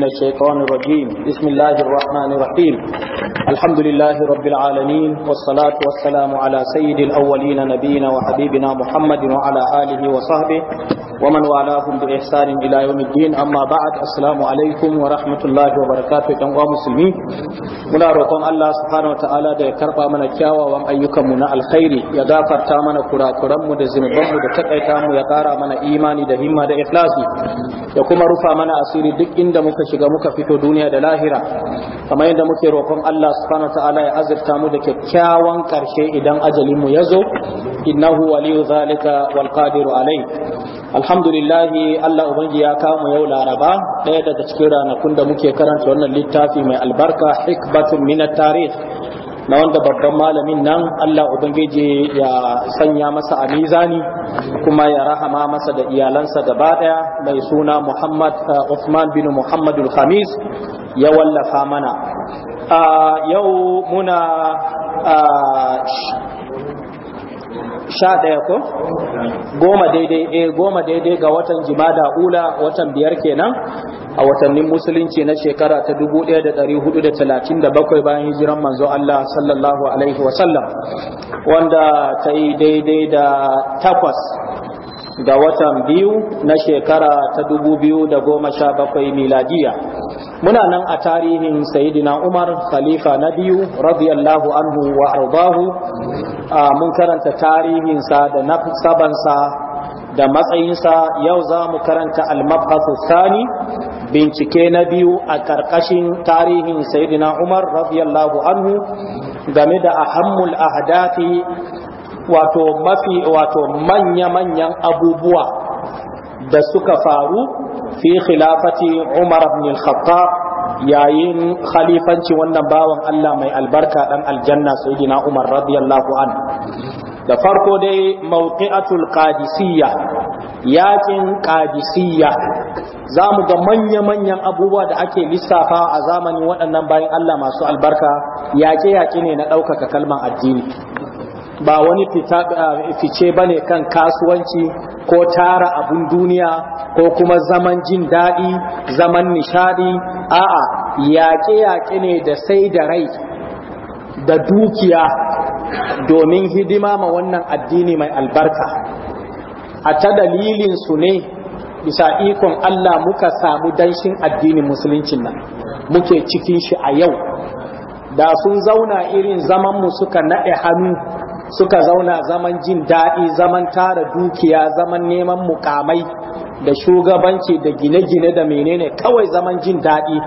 من الشيطان الرجيم بسم الله الرحمن الرحيم الحمد لله رب العالمين والصلاة والسلام على سيد الأولين نبينا وحبيبنا محمد وعلى آله وصحبه ومن والاهم بإحسان إلى يوم الدين أما بعد السلام عليكم ورحمة الله وبركاته كم مسلمين منا رقم الله سبحانه وتعالى ده كربا من كياوا وام أيكم من الخير يغفر تامنا كرا كرم ده زنبه ده تقيتام يقارا من إيمان ده همة ده إخلاصي يقوم رفع من أسير دك إن ده مكشغ مكفتو دنيا ده لاهرة كما يند مكي رقم الله سبحانه وتعالى يعزر تامو ده كياوا كرشي إدان أجل ميزو إنه ولي ذلك والقادر عليه alhamdulillahi Allah ubangi ya kama yau laraba ɗaya daga cikin ranakun da muke karanta wannan littafi mai albarka hikbatun minat tarih na wanda babban malamin nan Allah ubangiji ya sanya masa a mizani kuma ya rahama masa da iyalansa gaba ɗaya mai suna Muhammad eh, Uthman bin Muhammadul Khamis ya wallafa mana ah, yau muna ah, sha ko goma daidai e. goma daidai ga watan jimada ula watan biyar kenan a watannin musulunci na shekara ta 1437 bayan hijiran manzo Allah sallallahu alaihi wasallam wanda ta yi daidai da takwas ga watan biyu na shekara ta dubu biyu da goma sha bakwai miladiya muna nan a tarihin sayidina umar khalifa na biyu radiyallahu anhu wa arbahu mun karanta tarihinsa da nasabansa da matsayinsa yau za mu karanta almabhasu sani bincike na biyu a ƙarƙashin tarihin sayidina umar radiyallahu anhu game da ahammul ahdafi wato mafi wato manya-manyan abubuwa da suka faru fi khilafati Umar ibn al-Khattab yayin khalifanci wannan bawan Allah mai albarka dan aljanna sayyidina Umar radiyallahu an da farko dai mawqi'atul qadisiyya yakin qadisiyya zamu ga manya-manyan abubuwa da ake lissafa a zamanin waɗannan bayan Allah masu albarka yake yake ne na ɗaukaka kalman addini ba wani eh, fice ba ne kan kasuwanci ko tara abun duniya ko kuma zaman jin daɗi zaman nishadi a'a yaƙe-yaƙe ne da sai da rai da dukiya domin hidima ma wannan addini mai albarka a ta dalilinsu ne bisa ikon Allah muka samu danshin addinin musuluncin nan muke cikin shi a yau da sun zauna irin zamanmu suka naɗe hannu suka zauna zaman jin daɗi zaman tara dukiya zaman neman mukamai da shugabanci da gine-gine da menene kawai zaman jin daɗi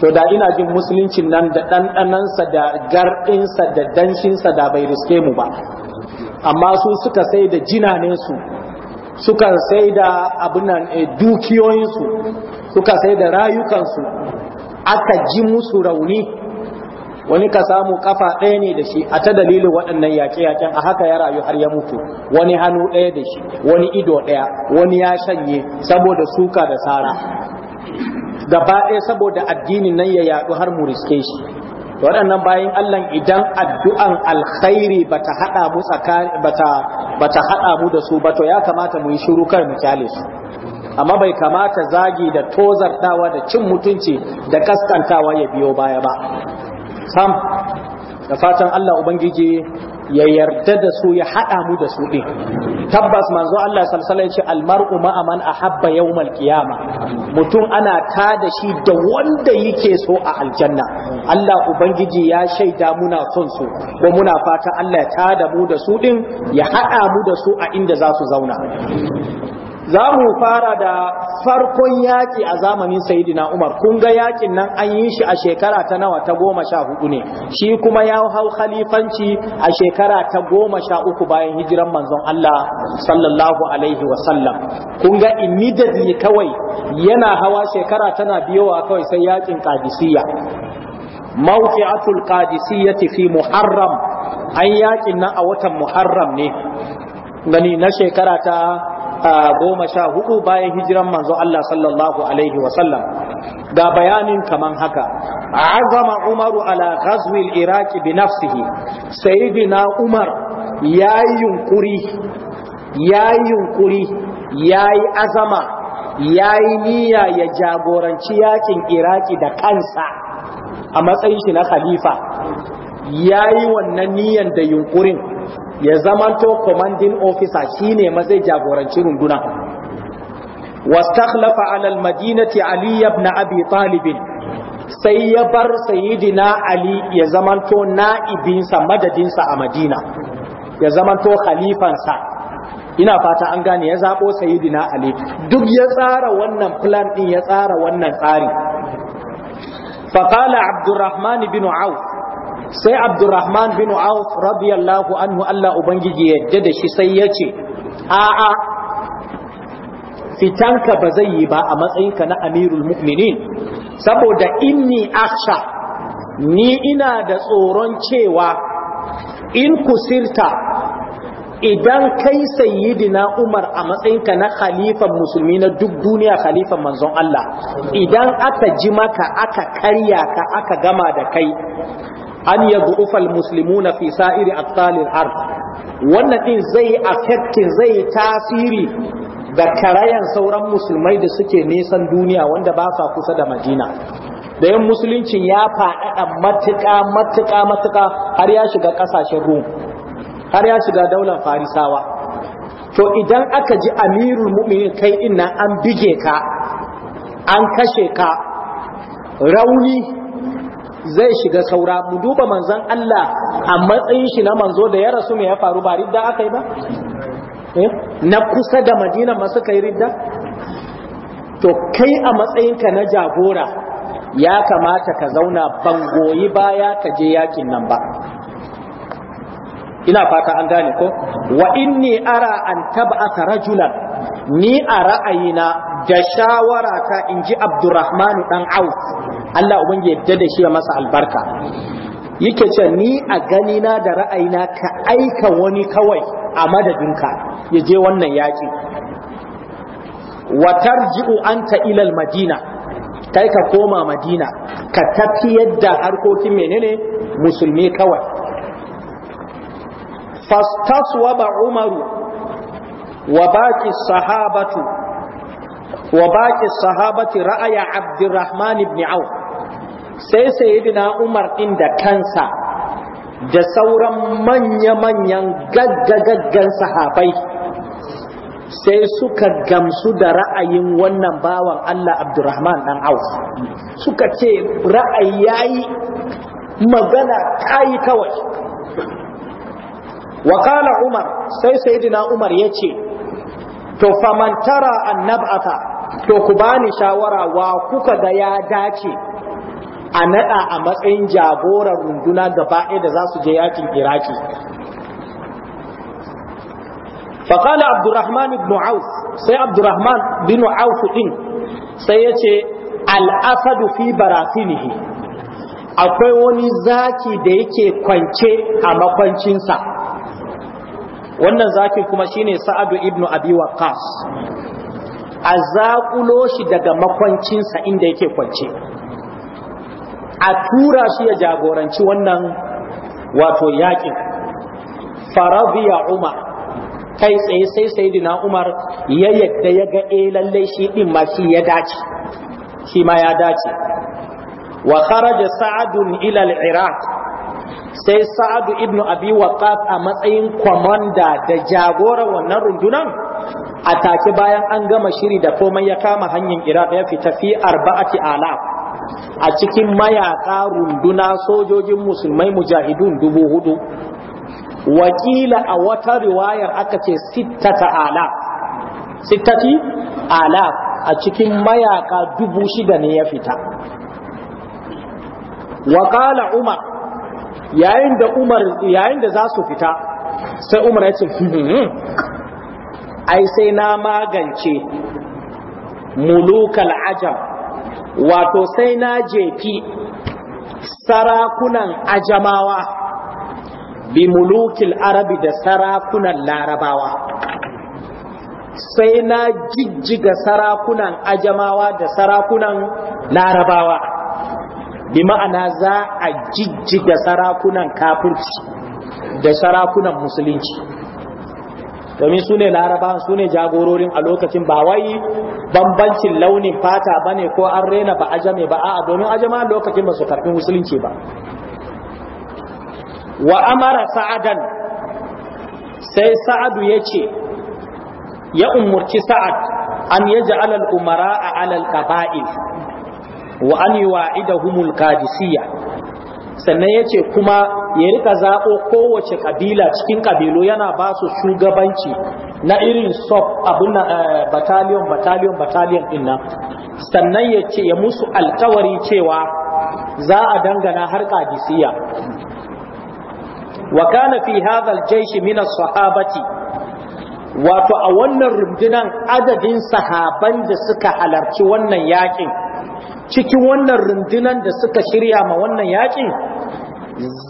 to da ina jin musuluncin nan da ɗanɗanansa da garɗinsa da danshinsa da bai riske mu ba amma su suka sai da jinanensu suka sai da abinan eh, dukiyoyinsu suka sai da rayukansu aka ji musu rauni wani ka samu kafa ɗaya ne da shi a ta dalilin waɗannan yaƙe-yaƙen a haka ya rayu har ya mutu wani hannu ɗaya da shi wani ido ɗaya wani ya shanye saboda suka da sara gaba ɗaya saboda addinin nan ya yaɗu har mu riske shi waɗannan bayan Allah idan addu'an alkhairi bata haɗa mu haɗa mu da su ba to ya kamata mu yi shiru kar mu kyale su amma bai kamata zagi da tozartawa da cin mutunci da kaskantawa ya biyo baya ba sam da fatan Allah ubangiji ya yarda da su ya hada mu da su din tabbas manzo Allah sallallahu alaihi wasallam almar'u ma'a man ahabba yawmal qiyama mutum ana ta da shi da wanda yake so a aljanna Allah ubangiji ya shaida muna son su ko muna fata Allah ya tada mu da su din ya hada mu da su a inda za su zauna za mu fara da farkon yaƙi a zamanin sayidina umar kun ga yaƙin nan an yi shi a shekara ta nawa ta goma sha hudu ne shi kuma ya hau khalifanci a shekara ta goma sha uku bayan hijiran manzon Allah sallallahu alaihi wasallam kun ga immediately kawai yana hawa shekara tana biyowa kawai sai yaƙin qadisiyya mawqi'atul qadisiyyati fi muharram an yaƙin nan a watan muharram ne gani na shekara ta goma sha hudu bayan hijiran manzo Allah sallallahu alaihi wasallam ga bayanin kaman haka azama umaru ala ghazwil iraki bi nafsihi sayyidina umar yayi yunkuri yayi yunkuri yayi azama yayi niyya ya jagoranci yakin iraki da kansa a matsayin shi na khalifa yayi wannan niyyan da yunkurin ya zamanto commanding officer shine ma zai jagoranci runduna wastakhlafa ala almadinati ali ibn abi talib sai ya bar sayyidina ali ya zamanto na'ibinsa madadinsa a madina ya zamanto khalifansa ina fata an gane ya zabo sayyidina ali duk ya tsara wannan plan din ya tsara wannan tsari faqala abdurrahman bin auf sai abdurrahman bin auf radiyallahu anhu Allah ubangiji yadda da shi sai ya ce a'a fitanka ba zai yi ba a matsayinka na amirul mu'minin saboda inni aksha ni ina da tsoron cewa in kusirta idan kai sayyidina umar a matsayinka na khalifan musulmi na duk duniya khalifan manzon Allah idan aka ji maka aka karya ka aka gama da kai an yadhufa na fi sa'iri aqtalil ard wannan din zai affecting zai tasiri ga karayan sauran musulmai da suke nisan duniya wanda ba sa kusa da Madina da yin musuluncin ya faɗaɗa matuƙa matuƙa matuƙa har ya shiga ƙasashen Rum har ya shiga daular Farisawa to idan aka ji amirul mu'minin kai inna an bige ka an kashe ka rauni zai shiga saura mu duba manzon Allah a matsayin shi na manzo da ya rasu me ya faru ba ridda aka yi ba eh? na kusa da madina masu kai ridda to kai a matsayinka na jagora ya kamata ka zauna bangoyi baya ka je yakin nan ba ina fata an gane ko wa inni ara an tab'a rajulan ni a ra'ayina da shawara ta inji Abdurrahman dan Auf Allah ubangi yadda da shi masa albarka yake ce ni a ganina da ra'ayina ka aika wani kawai a madadinka ya je wannan yaƙi watar ji'u an ta ilal madina kai ka koma madina ka tafi yadda harkokin menene musulmi kawai fastaswa ba umaru wa baki sahabatu wa baki sahabati ra'aya abdurrahman ibn auf sai sayyidina umar din da kansa da sauran manya-manyan gaggagaggan sahabai sai suka gamsu da ra'ayin wannan bawan Allah Abdurrahman dan Auf suka ce ra'ayi yayi magana kai kawai wa qala Umar sai sayyidina Umar yace to faman tara annabata to ku bani shawara wa kuka ga ya dace a naɗa a matsayin jagorar runduna gaba ɗaya da za su je yakin iraki faƙala abdurrahman ibn auf sai abdurrahman bin auf ɗin sai yace ce al'asadu fi barasinihi akwai wani zaki da yake kwance a makwancinsa wannan zaki kuma shine sa'adu ibn abi waqas a zaƙulo shi daga makwancinsa inda yake kwance a tura shi ya jagoranci wannan wato yaƙin farabiya umar kai tsaye sai dina umar ya yadda ya ga e lallai shi din ma shi ya dace shi ma ya dace wa kharaja sa'adun ila al-iraq sai sa'adu ibnu abi Waqaf a matsayin kwamanda da jagora wannan rundunan a take bayan an gama shiri da komai ya kama hanyar iraq ya fita fi arba'ati alaf a cikin mayaka runduna sojojin musulmai mujahidun dubu hudu wakila a wata riwayar aka ce sittata ala sittati ala a cikin mayaka dubu shida ne ya fita wakala umar yayin da umar yayin da za su fita sai umar ya ce hmm, ai sai na magance mulukal ajab wato sai na jefi sarakunan ajamawa bi mulukil arabi da sarakunan larabawa sai na jijjiga sarakunan ajamawa da sarakunan larabawa bi ma'ana za a jijjiga sarakunan kafirci da sarakunan musulunci domin su ne laraba su ne jagororin a lokacin ba wai bambancin launin fata ba ne ko an rena ba ajame ba a'a domin ajama lokacin ba su karɓi musulunci ba wa amara sa'adan sai sa'adu ya ce ya umurci sa'ad an yaji alal umara a alal ƙaba'il wa an yi wa'idahumul kadisiyya sannan ya ce kuma ya rika zaɓo kowace ƙabila cikin ƙabilo yana ba su shugabanci na irin sof abin na eh, batalion bataliyon sannan ya ce ya musu alkawari cewa za a dangana har kadisiya wa kana fi hadha al min sahabati wato a wannan rundunan adadin sahaban da suka halarci wannan yakin cikin wannan rundunan da suka shirya ma wannan yakin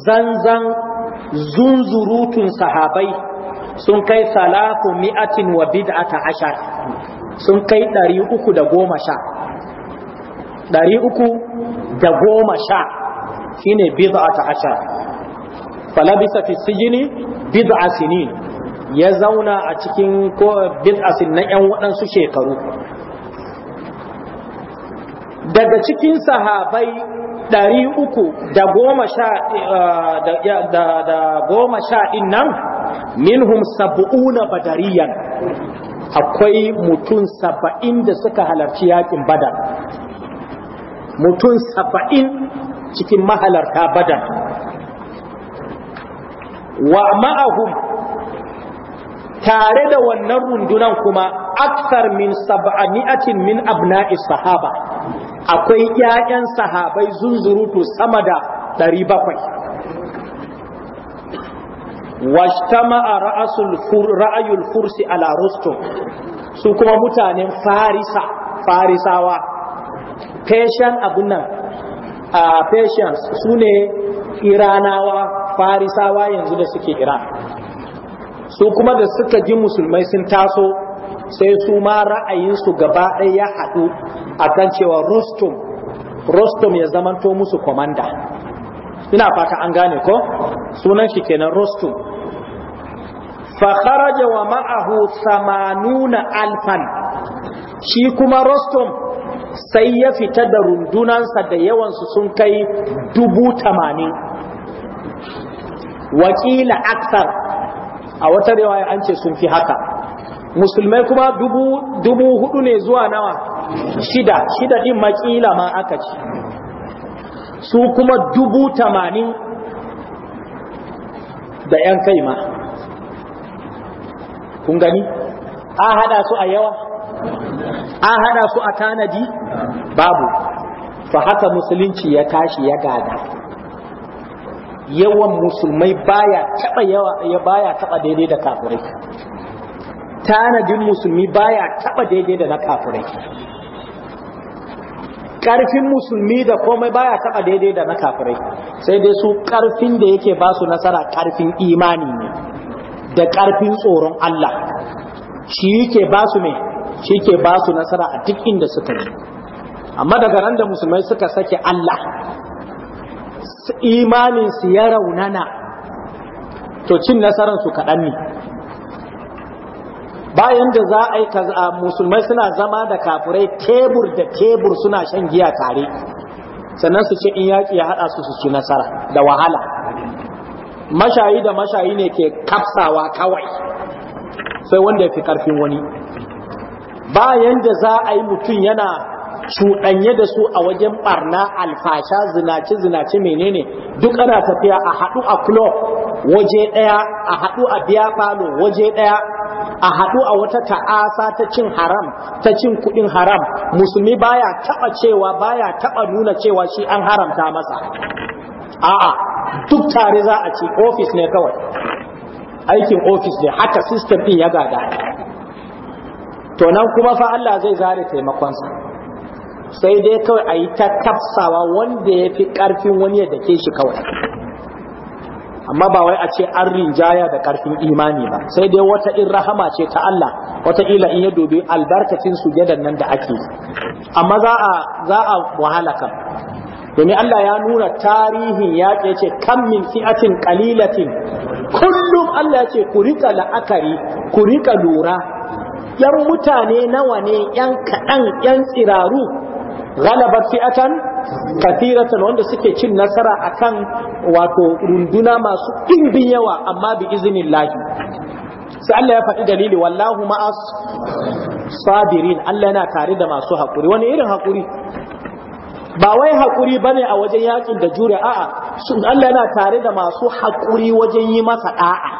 zanzan zunzurutun sahabai sun kai salafu mi'atin wa bid'ata ashar sun kai ɗari uku da goma sha ɗari uku da goma sha shine bid'ata ashar falabisa fi sijini bid'a sinin ya zauna a cikin ko bid'a na yan waɗansu shekaru daga cikin sahabai Dari uku da goma sha eh, da goma sha ɗin nan minhum sab'una badariyan akwai mutum saba'in da suka halarci yakin badar mutum saba'in cikin mahalarta badar wa ma'ahum tare da wannan rundunan kuma akthar min sab'ani'atin min abna'is sahaba akwai 'ya'yan sahabai zunzurutu sama da 700 washtama'a ra'asul fur ra'ayul fursi ala rustum su kuma mutanen farisa farisawa fashion abun nan a patients sune iranawa farisawa yanzu da suke iran su kuma da suka ji musulmai sun taso sai su ma ra'ayinsu gaba ɗaya ya haɗu akan cewa rustum rustum ya zamanto musu komanda ina fata an gane ko sunan shi kenan rustum fa kharaja wa ma'ahu samanuna alfan shi kuma rustum sai ya fita da rundunansa da yawansu sun kai dubu tamanin wakila aksar a wata riwaya an ce sun fi haka musulmai kuma dubu dubu hudu ne zuwa nawa shida shida din makila ma aka ci su kuma dubu tamanin da yan kai ma kun gani an hada su a yawa an hada su a tanadi babu fa haka musulunci ya tashi ya gada yawan musulmai baya taba yawa ya baya taba daidai da kafirai tanadin musulmi baya taba daidai da na kafirai karfin musulmi da komai baya taba daidai da na kafirai sai dai su karfin da yake ba su nasara karfin imani ne da karfin tsoron Allah shi yake ba su mai shi ke ba su nasara a duk inda suka yi amma daga ran da musulmai suka sake Allah imaninsu ya raunana to cin su kaɗan ne bayan da za a yi musulmai suna zama da kafurai tebur da tebur suna shan giya tare sannan su ce in yaƙi ya haɗa su su ci nasara da wahala mashayi da mashayi ne ke kafsawa kawai sai wanda ya fi ƙarfin wani bayan da za a yi mutum yana cuɗanye da su a wajen ɓarna alfasha zinace-zinace menene duk ana tafiya a haɗu a club waje ɗaya a haɗu a biya falo waje ɗaya a haɗu a wata ta'asa ta cin haram ta cin kuɗin haram musulmi baya taɓa cewa baya taɓa nuna cewa shi an haramta masa a'a duk tare za a ci ofis ne kawai aikin ofis ne haka system ɗin ya gada to nan kuma fa Allah zai zare taimakonsa sai dai kawai a yi ta tafsawa wanda ya fi ƙarfin wani ya ke shi kawai amma ba wai a ce an rinjaya da karfin imani ba sai dai wata in rahama ce ta Allah wata ila in ya dubi albarkacin su sujadan nan da ake amma za a za a wahala domin Allah ya nuna tarihin ya ce kam min fi'atin qalilatin kullum Allah ya ce ku rika la'akari ku rika lura yan mutane nawa ne yan kaɗan yan tsiraru ghalabat fi'atan katiratan wanda suke cin nasara akan wato runduna masu ɗimbin yawa amma bi izinin lahi sai Allah ya faɗi dalili wallahu ma'as sabirin Allah yana tare da masu haƙuri wani irin haƙuri ba wai haƙuri bane a wajen yakin da jure a'a sun Allah yana tare da masu haƙuri wajen yi masa ɗa'a.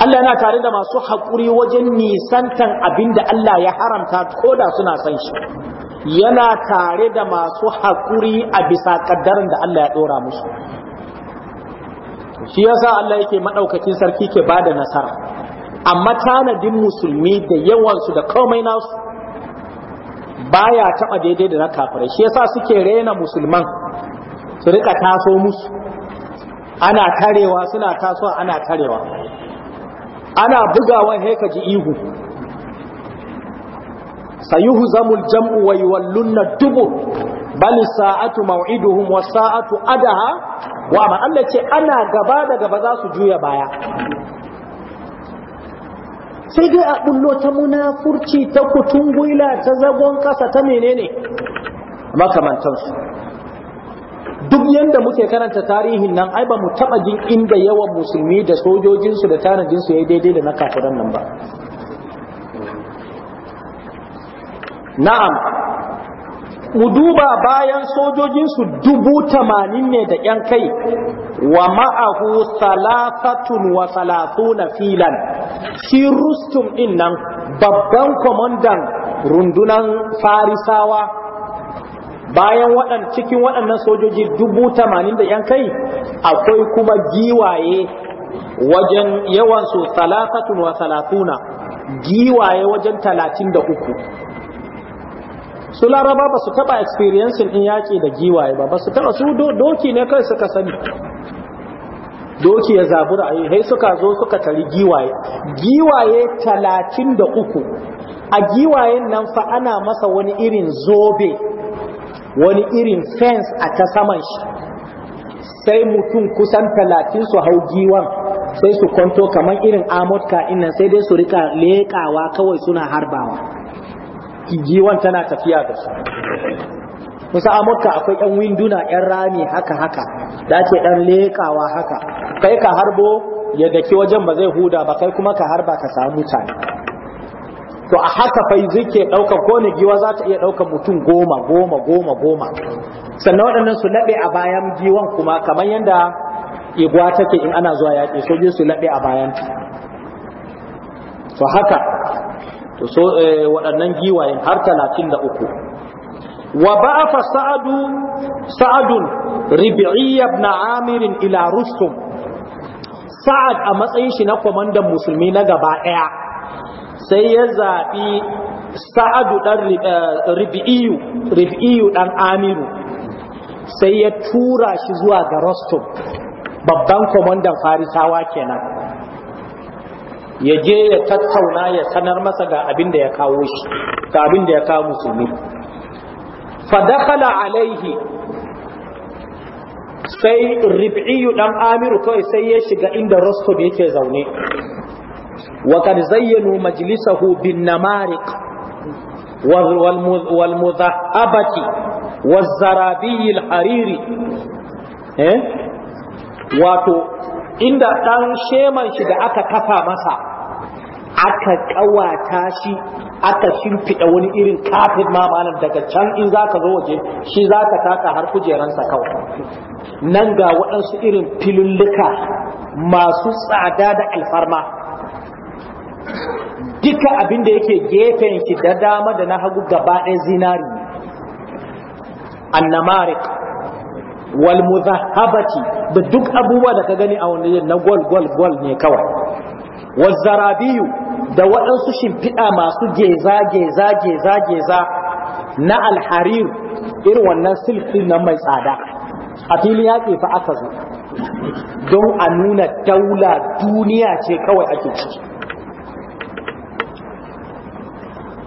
Allah yana tare da masu haƙuri wajen nisantan abinda Allah ya haramta ko da suna san shi yana tare da masu haƙuri a bisa ƙaddarin da Allah ya ɗora musu shi yasa Allah yake maɗaukakin sarki ke ba da nasara amma tanadin musulmi da yawansu da komai nasu baya taɓa daidai da na kafirai shi yasa suke rena musulman su rika taso musu ana tarewa suna tasowa ana tarewa ana bugawa haika ji ihu zamul jam'u wa yuwallunna dubu bal sa'atu maw'iduhum wa sa'atu adaha wa ma ce ana gaba da gaba za su juya baya sai dai a bullo ta munafurci ta kutun guila ta zagon ƙasa ta menene makamantansu duk yadda muke karanta tarihin nan ai ba mu taba jin inda yawan musulmi da sojojinsu da tanadinsu ya daidai da na kafiran nan ba na'am mu duba bayan sojojinsu dubu tamanin ne da ‘yan kai wa ma'ahu salafatun wa salatuna filan shi rustum din nan babban kwamandan rundunan farisawa bayan cikin waɗannan sojoji dubu tamanin da ‘yan kai akwai kuma giwaye wajen yawansu salafatun wa salatuna giwaye wajen talatin da uku su laraba ba su taba experiencing in yaki da giwaye ba ba su taba su doki ne kai suka sani doki ya zabu da ayi suka zo suka tari giwaye giwaye talatin da uku a giwayen nan fa ana masa wani irin zobe wani irin fence a ta saman shi sai mutum kusan talatin su hau giwan sai su kwanto kamar irin amurka innan sai dai su rika leƙawa kawai suna harbawa giwan tana tafiya da su kusa a makka akwai yan winduna yan rami haka haka da ake dan lekawa haka kai ka harbo ya daki wajen ba zai huda ba kai kuma ka harba ka samu mutane to a haka fai zike ɗauka ko ne giwa za ta iya ɗauka mutum goma goma goma goma sannan waɗannan su laɓe a bayan giwan kuma kamar yadda igwa take in ana zuwa yaƙi je su laɓe a bayan to haka to so eh, waɗannan giwayen har talatin da uku wa ba'afa sa'adu sa'adun ribi'iyya ibn amir ila rustum sa'ad a matsayin shi na kwamandan musulmi na gaba ɗaya sai ya zaɓi sa'adu ɗan eh, ribi'iyu ribi'iyu ɗan amiru sai ya tura shi zuwa ga rustum babban kwamandan farisawa kenan ya je ya tattauna ya sanar masa ga abin da ya kawo shi ga abin da ya kawo musulmi fa alaihi sai rib'iyu dan amiru kawai sai ya shiga inda rostov yake zaune wa kad zayyanu majlisahu bin namariq wal mudhahabati waz zarabi al hariri eh wato inda ɗan sheman shi da aka kafa masa aka ƙawata shi aka shimfiɗa wani irin kafin malam, daga can in za ka zo waje shi za ka taka har kujeransa kawai nan ga waɗansu irin filulluka masu tsada da alfarma duka abin da yake gefen shi da dama da na hagu gaba ɗaya zinari annamarik wal da duk abubuwa da ka gani a wani na gol gol gol ne kawai wazzarabiyu da waɗansu shimfiɗa masu geza geza geza geza na alharir irin wannan silkin na mai tsada a filin yaƙi fa aka zo don a nuna daula duniya ce kawai ake ciki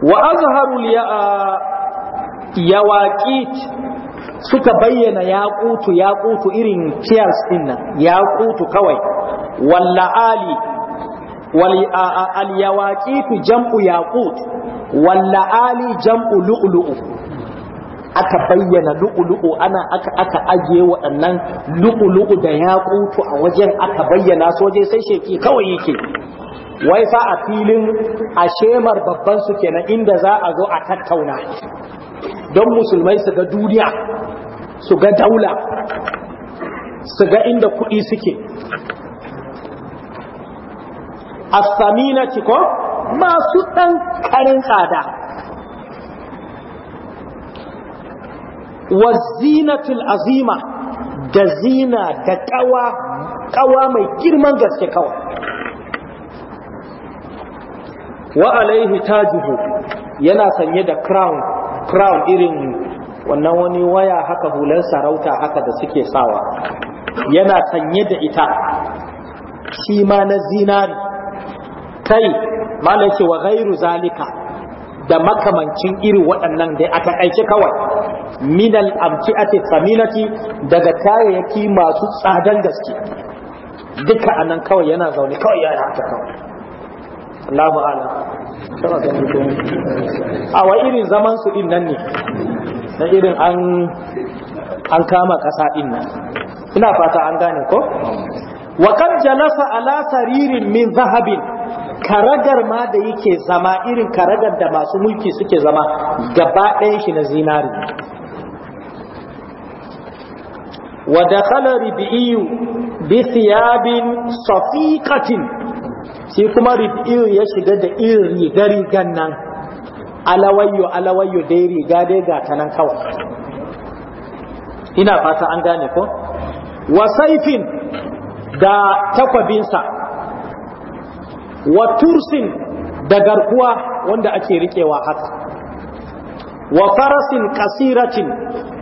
wa azharul ya yawaqit suka bayyana yaqutu yaqutu irin tears din nan yaqutu kawai walla ali wal al yawaqitu jam'u yaqut walla ali jam'u lu'lu'u aka bayyana lu'lu'u ana aka aka ajiye waɗannan lu'lu'u da yaqutu a wajen aka bayyana soje sai sheki kawai yake wai fa a filin a shemar babban su kenan inda za a zo a tattauna don musulmai su ga duniya su ga daula su ga inda kuɗi suke na ko masu ɗan ƙarin tsada wa zinatul azima da zina da ƙawa ƙawa mai girman gaske kawai wa alaihi tajuhu yana sanye da crown crown irin wannan wani waya haka hular sarauta haka da suke sawa yana sanye da ita shi ma na zinari kai malam ce wa gairu zalika da makamancin irin waɗannan dai a aiki kawai minal amti'ati saminati daga kayayyaki masu tsadan gaske duka anan kawai yana zaune kawai yana haka kawai Allahu a'lam a wa irin zaman su din nan ne na irin an kama ƙasa din nan ina fata an gane ko wakan jalasa ala saririn min zahabin karagar ma da yake zama irin karagar da masu mulki suke zama gaba ɗayan shi na zinari wa kala ribiyu bi siyabin safiqatin shi kuma ribiyu ya shiga da irin rigar nan alawayyo alawayyo dai riga dai ga ta nan kawai ina fata an gane ko wa saifin da takwabinsa wa tursin da garkuwa wanda ake riƙewa haka wa farasin kasiratin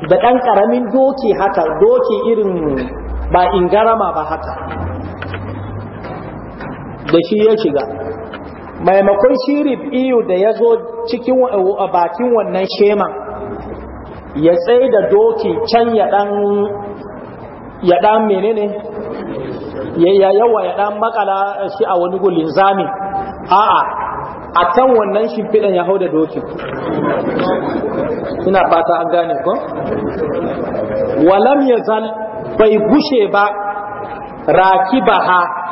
da ɗan ƙaramin doki haka doki irin ba ingarama ba haka da shi ya shiga maimakon shirif iyu da ya zo cikin a bakin wannan shema ya tsaye da doki can ya dan ya dan menene ya yawa ya dan makala shi a wani gulin zami a'a a can wannan shimfiɗan ya hau da doki ina fata an gane ko walam ya zal bai gushe ba ha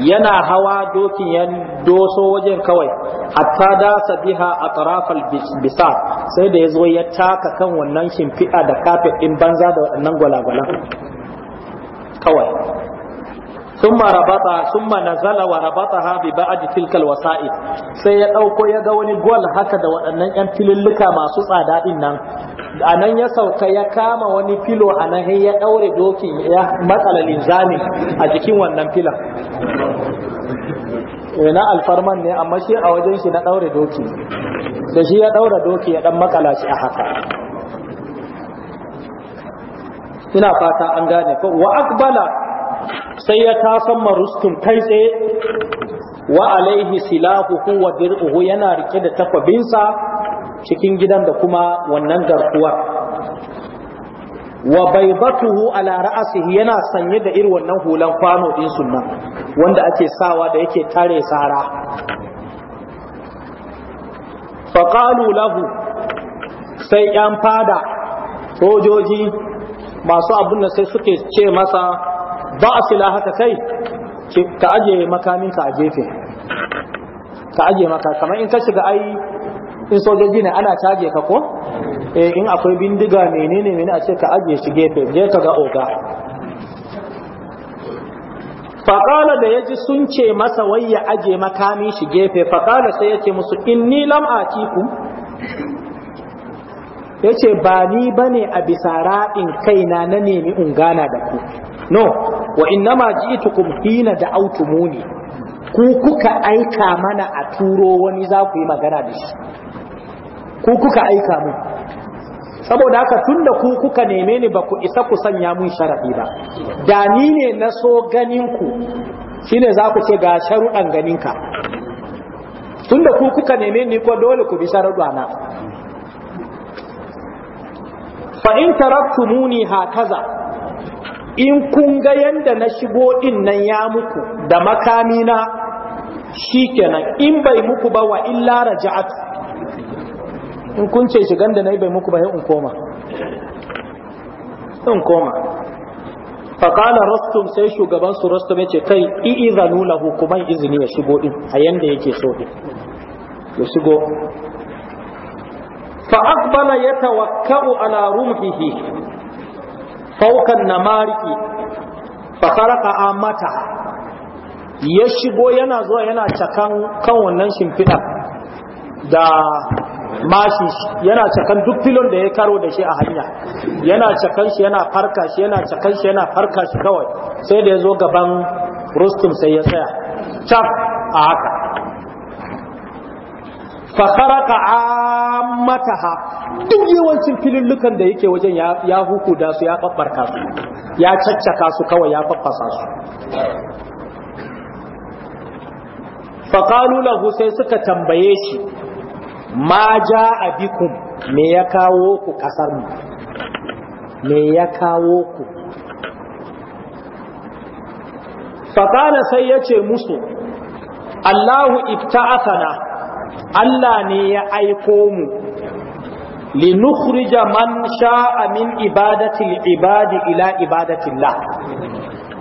yana hawa dokin ya doso wajen kawai hatta da sabiha a tarafal bisa sai da ya zo ya taka kan wannan shimfiɗa da kafet ɗin banza da waɗannan gwalagwalan kawai thumma rabata thumma nazala wa rabataha bi ba'd tilka alwasa'id sai ya dauko ya ga wani gol haka da waɗannan yan fililluka masu tsada din nan anan ya sauka ya kama wani filo anan sai ya daure dokin ya matsala linzami a jikin wannan filan eh, na alfarman ne amma shi a wajen shi na daure doki da shi ya daura doki ya dan makala shi a haka ina fata an gane ko wa akbala sai ya tasan marustum kai tsaye wa alaihi silahuhu wa dir'uhu yana rike da takwabinsa cikin gidan da kuma wannan garkuwar wa baibatuhu ala ra'asihi yana sanye da irin wannan hulan kwano din sunan, wanda ake sawa da yake tare sara faƙalu lahu sai yan fada sojoji masu abun da sai suke ce masa ba a sila haka kai ka aje makamin ka a gefe ka aje maka kamar in ka shiga ai in sojoji ne ana caje ka ko eh in akwai bindiga menene menene a ce ka aje shi gefe je ka ga oga faƙala da ya ji sun ce masa wai ya aje makami shi gefe faƙala sai ya ce musu inni lam atiku ya ce ba ni ba ne a bisa in kaina na nemi in gana da ku no wa ma ji'tukum hina da'awtumuni ku kuka aika mana a turo wani za ku yi magana da shi ku kuka aika mu saboda haka tunda ku kuka neme ni ba ku isa ku sanya mun sharadi ba da ni ne na so ganin ku shine za ku ce ga sharuɗan ka? tunda ku kuka neme ni ko dole ku bi sharuɗana fa in taraktumuni hakaza in kun ga yanda na shigo din nan ya muku da makami na shikenan in bai muku ba wa illa raja'at in kun ce shigan da nayi bai muku ba sai in koma in koma faqala rastum sai shugaban su rastum yace kai izanu lahu kuma izini ya shigo din a yanda yake so din ya shigo fa aqbala yatawakkau ala rumhihi faukan na mariki fasaraka amata ya shigo yana zuwa yana cakan kan wannan shimfiɗar da mashi yana cakan duk filon da ya karo da shi a hanya yana cakan shi yana farka shi yana cakan shi yana farka shi kawai sai da ya zo gaban rustum sai ya tsaya cak a haka fa kharaqa ammataha duk yawancin filullukan da yake wajen ya hukuda su ya babbarka su ya caccaka su kawai ya faffasa su fa qalu lahu sai suka tambaye shi ma ja bikum me ya kawo ku kasar mu me ya kawo ku fa sai yace musu Allahu ibta'athana Allah ne ya aiko mu linukhrija man sha'a min ibadati ibadi ila ibadatillah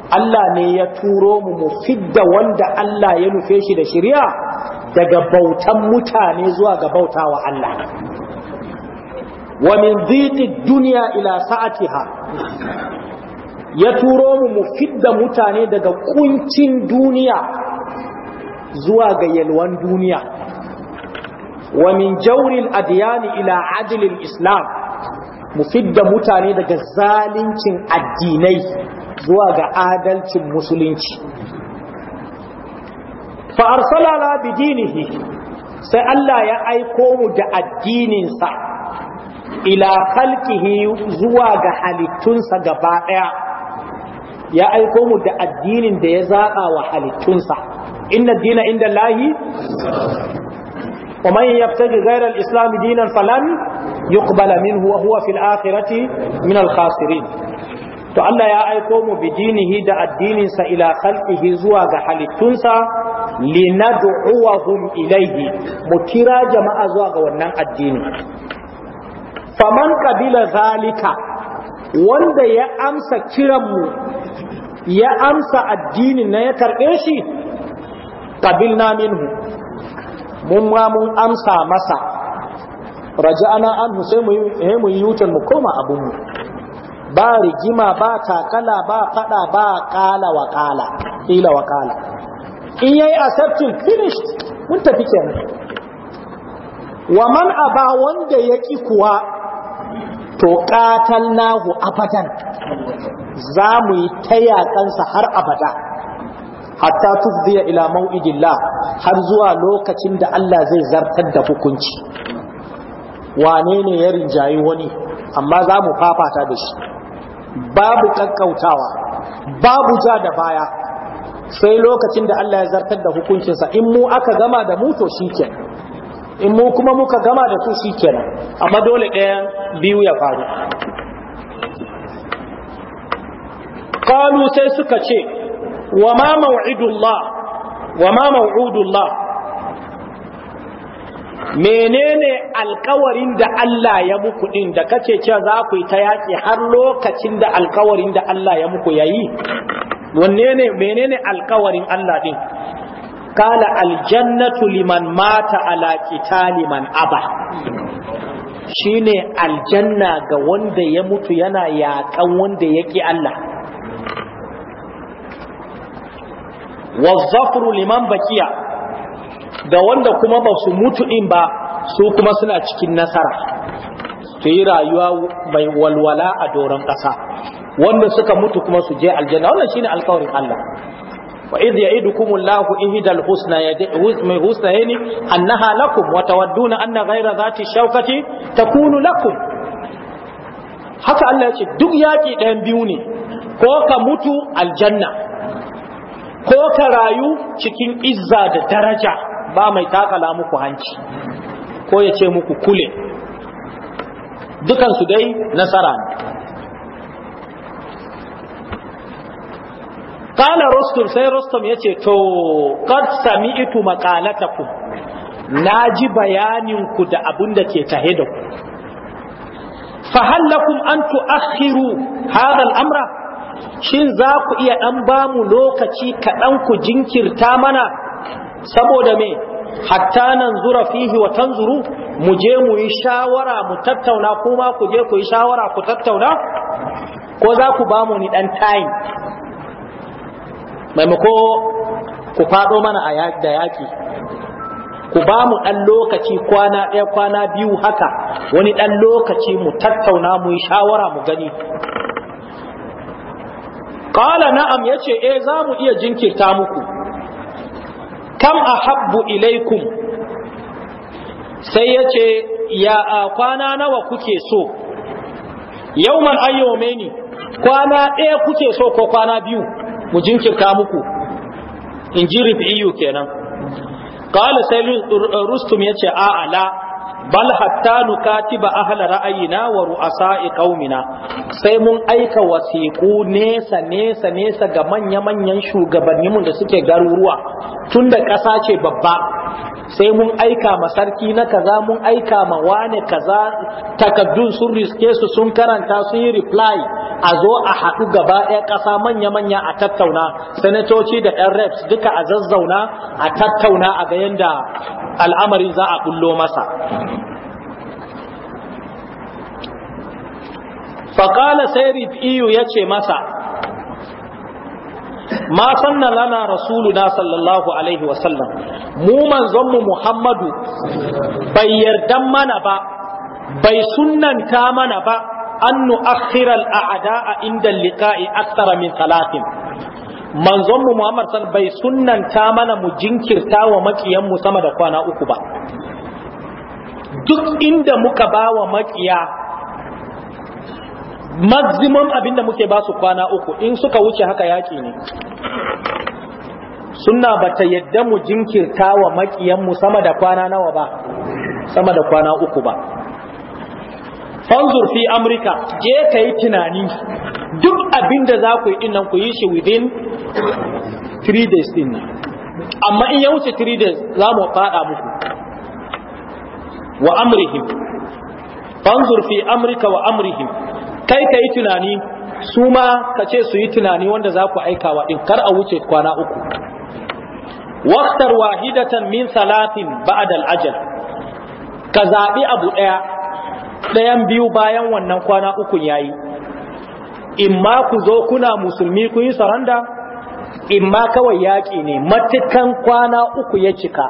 Allah ne ya turo mu mu fidda wanda Allah ya nufe shi da shari'a daga bautan mutane zuwa ga bautawa Allah wa min dhiti dunya ila sa'atiha ya turo mu mu fidda mutane daga kuncin duniya zuwa ga yalwan duniya wa min jawril adyani ila adlil islam mu fidda mutane daga zaluncin addinai zuwa ga adalcin musulunci fa arsalana bi dinihi sai Allah ya aiko mu da addininsa ila khalqihi zuwa ga halittunsa gaba daya ya aiko mu da addinin da ya zaɓa wa halittunsa inna dina inda lahi ومن يبتغي غير الإسلام دينا فلن يقبل منه وهو في الآخرة من الخاسرين to Allah ya aiko mu bi dinihi da addininsa ila khalqihi zuwa ga halittunsa linad'uwahum ilayhi mu kira jama'a zuwa ga wannan addini faman qabila zalika wanda ya amsa kiran mu ya amsa addinin na ya karbe shi qabilna minhu mun ma mun amsa masa raja'ana anhu sai mu yi mu yutan mu koma abun mu ba rigima ba takala ba fada ba kala wa kala ila wa kala in yayi accepting finished mun tafi kenan wa man aba wanda yaki kuwa to qatalnahu abadan za mu yi ta yakansa har abada hatta tufdiya ila mau'idillah har zuwa lokacin da Allah zai zartar da hukunci wane ne ya rinjayi wani amma za mu fafata da shi babu kankautawa babu ja da baya sai lokacin da Allah ya zartar da hukuncinsa in mu aka gama da mu to shikenan in mu kuma muka gama da su shikenan amma dole ɗaya biyu ya faru qalu sai suka ce wa ma maw'idullah ma menene alkawarin da Allah ya muku din da kace cewa za ku yi ta yaki har lokacin da alkawarin da Allah ya muku yayi wanne ne menene alkawarin Allah din kala aljannatu liman mata ala qitali man aba shine aljanna ga wanda ya mutu yana yakan wanda yake Allah wazzafru liman bakiya da wanda kuma ba su mutu in ba su kuma suna cikin nasara su yi rayuwa mai walwala a doron ƙasa wanda suka mutu kuma su je aljanna wannan shine alƙawarin Allah wa idh ya'idukumu Allah ihdal husna yad'u husna yani annaha lakum wa tawadduna anna ghayra dhati shawkati takunu lakum haka Allah ya ce duk yaki ɗayan biyu ne ko ka mutu aljanna ko ka rayu cikin izza da daraja ba mai takala muku hanci ko ya ce muku kule dukansu dai nasara ne kala rostom sai rostom ya ce to kad sami itu makalataku na ji bayaninku da abinda ke tahe da ku fahallakum an tu'akhiru hadha al-amra shin za ku iya ɗan ba mu lokaci kaɗan ku jinkirta mana saboda me hatta nan zura fihi wa tanzuru mu je mu yi shawara mu tattauna kuma ku je ku yi shawara ku tattauna ko za ku ba mu ni ɗan tayin maimako ku faɗo mana da yaƙi ku ba mu ɗan lokaci kwana ɗaya kwana biyu haka wani ɗan lokaci mu tattauna mu yi shawara mu gani ƙala na'am ya ce e eh, za mu iya jinkirta muku kam a habbu ilaikum sai yace ya a kwana nawa kuke so yau man yawman ayyomeni kwana ɗaya kuke so ko kwana biyu mu jinkirta muku in ji kenan kala sai rustum yace a'a la bal hatta nukatiba ahla ra'ayina wa ru'asa'i qaumina sai mun aika wasiku nesa nesa nesa ga manya manyan shugabanni mun da suke garuruwa tunda ƙasa ce babba sai mun aika ma sarki na kaza mun aika ma wane kaza takaddun sun riske su sun karanta sun yi reply a zo a haɗu gaba ɗaya ƙasa manya manya a tattauna sanatoci da ɗan reps duka a zazzauna a tattauna a ga yanda al'amarin za a bullo masa faƙala sai rif'iyu ya ce masa ma sanna lana rasuluna sallallahu alaihi wasallam mu manzonmu muhammadu bai yardan mana ba bai sunnanta mana ba an nu'akhkhira a inda liqa'i akthara min salatin manzonmu muhammad san bai sunanta mana mu jinkirta wa makiyan mu sama da kwana uku ba duk inda muka ba wa maximum abin da muke ba su kwana uku in suka wuce haka yaki ne suna ba ta yadda mu jinkirta wa maƙiyanmu sama da kwana nawa ba sama da kwana uku ba fanzur fi amurka je ka yi tunani duk abin da za ku yi nan ku yi shi within 3 days din nan amma in ya wuce 3 days za mu faɗa muku wa amrihim fanzur fi amurka wa amrihim kai ka yi tunani su ma ka ce su yi tunani wanda za ku aika wa ɗin kar a wuce kwana uku waktar wahidatan min salatin ba'adal ajal ka zaɓi abu ɗaya ɗayan biyu bayan wannan kwana uku yayi in ma ku zo kuna musulmi ku yi saranda in ma kawai yaƙi ne matukan kwana uku ya cika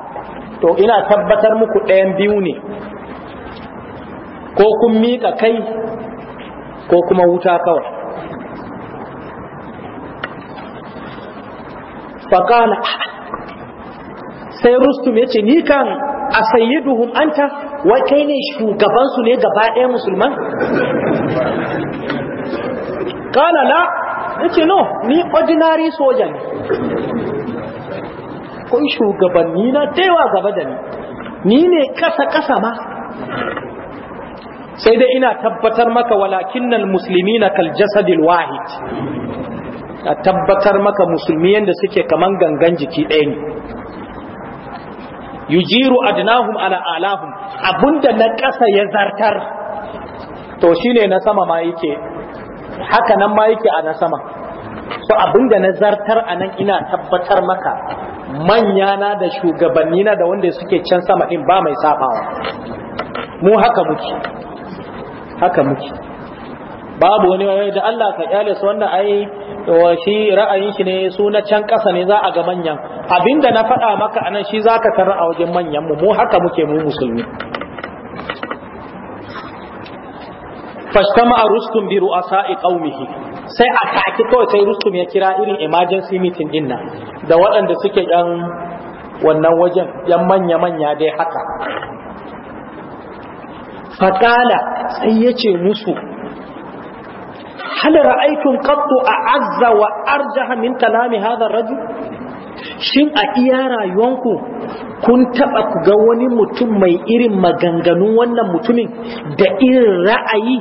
to ina tabbatar muku ɗayan biyu ne ko kun miƙa kai ko kuma wuta kawai faƙala sai rustum ya ce ni kan a sayyiduhum anta wa kai ne shugabansu ne gaba ɗaya musulman ƙala la ya ce no ni ordinary soja ne kun shugabanni na taiwa gaba da ni ni ne kasa-kasa ma sai dai ina tabbatar maka walakinnal muslimina kal jasadil wahid a tabbatar maka musulmi yanda suke kaman gangan jiki ɗaya ne yujiru adnahum ala alahum abunda na ƙasa ya zartar to shine na sama ma yake haka nan ma yake a na sama so abinda na zartar a nan ina tabbatar maka manya na da shugabanni na da wanda suke can sama din ba mai safawa, mu haka muke haka muke babu wani wani da Allah ka kyale su wanda ai shi ra'ayin shi ne su na can ƙasa ne za a ga manyan abinda na faɗa maka anan shi za ka tarar a wajen manyan mu haka muke mu musulmi fashtama a rustum bi ru'asa'i qaumihi sai a taki kawai sai rustum ya kira irin emergency meeting din nan da waɗanda suke yan wannan wajen yan manya manya dai haka faƙala sai ya ce musu hal ra'aytum a a'azza wa arjaha min kalami hadha rajul shin a iya rayuwanku kun taɓa ku ga wani mutum mai irin maganganun wannan mutumin da irin ra'ayi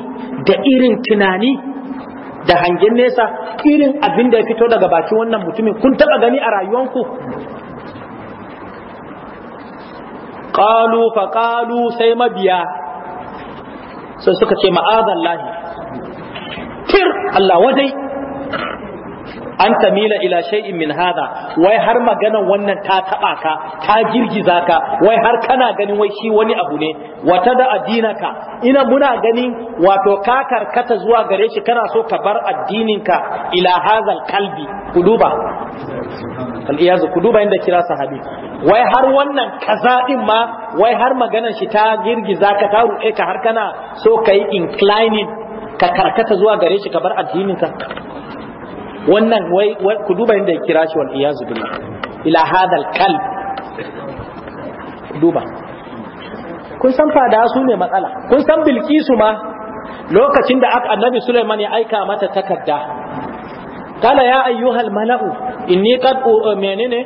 da irin tunani da hangen nesa irin abin da ya fito daga bakin wannan mutumin kun taɓa gani a rayuwanku ƙalu fa ƙalu sai mabiya sai suka ce ma'azallahi tir Allah wadai an tamila ila shay'in min hada wai har maganan wannan ta taba ka ta girgiza ka wai har kana ganin wai shi wani abu ne wata da addinaka ina muna ganin wato ka karkata zuwa gare shi kana so ka bar addininka ila hazal kalbi kuduba al iyazu kuduba inda kira sahabi wai har wannan kaza din ma wai har maganan shi ta girgiza ka ta ruɗe ka har kana so ka yi inclining ka karkata zuwa gare shi ka bar addininka wannan wai ku duba inda ya kira shi wal iyazu billah ila hadal kal duba kun san fada su ne matsala kun san bilkisu ma lokacin da annabi Sulaiman ya aika mata takarda kala ya ayyuhal mala'u inni qad menene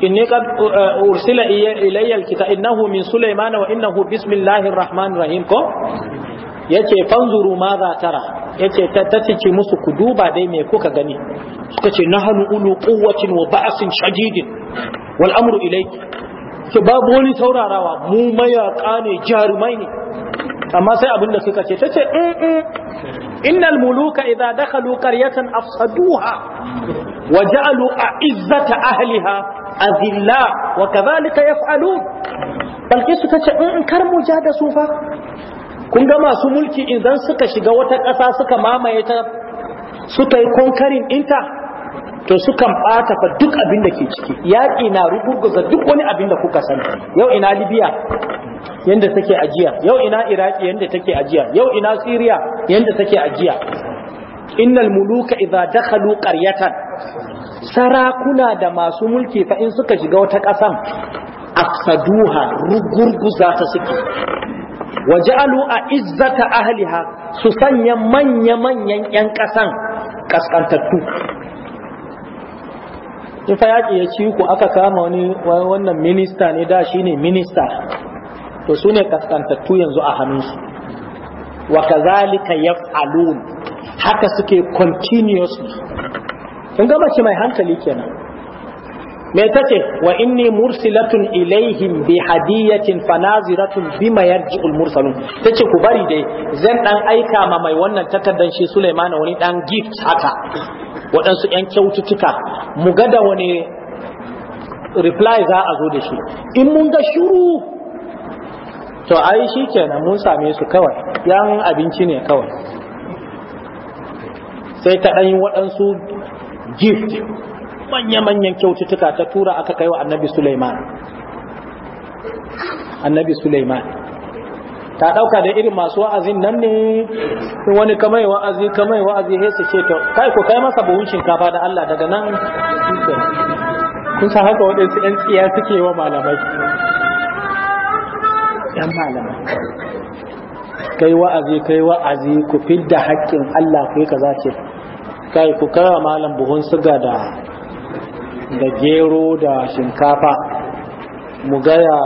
inni qad uh, ursila ilayya alkitab innahu min sulaiman wa innahu bismillahir rahmanir rahim ko yace fanzuru ma za tara yace ta ce musu ku duba dai me kuka gani suka ce hannu ulu quwwatin wa ba'sin shadidin wal amru ilayki ce babu wani saurarawa mu mayaka ne jarumai ne amma sai abinda suka ce ta ce mm, mm. innal muluka idza dakhalu qaryatan afsaduha wa ja'alu a'izzata ahliha azilla wa kadhalika yaf'alun balkisu tace in kar mu ja da su fa kun ga masu mulki idan suka shiga wata ƙasa suka mamaye ta suka yi konkarin inta to sukan ɓata fa duk abin da ke ciki yaƙi na rugurguza duk wani abin da kuka sani yau ina libya yadda take ajiya yau ina iraki yadda take ajiya yau ina Syria yadda take ajiya innal muluka idza dakhalu qaryatan sarakuna da masu mulki fa in suka shiga wata ƙasan afsaduha rugurguza ta suke waj'alu a izzata ahliha su sanya manya-manyan 'yan ƙasan kaskantattu. in fa yaƙi ya ci ku aka kama wani wannan minista ne da shi ne minista to su ne kaskantattu yanzu a hannunsu wa kazalika yaf'alun haka suke continuously kun ga mace mai hankali kenan me tace wa inni mursilatun ilaihim bi hadiyatin fanaziratun bima yarji'ul mursalun tace ku bari dai zan dan aika ma mai wannan takardan shi Sulaiman wani dan gift haka waɗansu yan kyaututtuka mu ga da wani reply za a zo da shi in mun ga shiru to ai shi kenan mun same su kawai yan abinci ne kawai sai ta ɗan yi waɗansu gift manya-manyan kyaututtuka ta tura aka kaiwa annabi Sulaiman annabi Sulaiman ta dauka da irin masu wa'azin nan ne wani kamai wa'azi kamai wa'azi he su ce to kai ko kai masa buhun shinkafa da Allah daga nan kun san haka waɗansu ɗan tsiya suke wa malamai ɗan malamai kai wa'azi kai wa'azi ku fidda haƙƙin Allah ku yi kaza ce kai ku kawo malam buhun suga da da gero da shinkafa mu gaya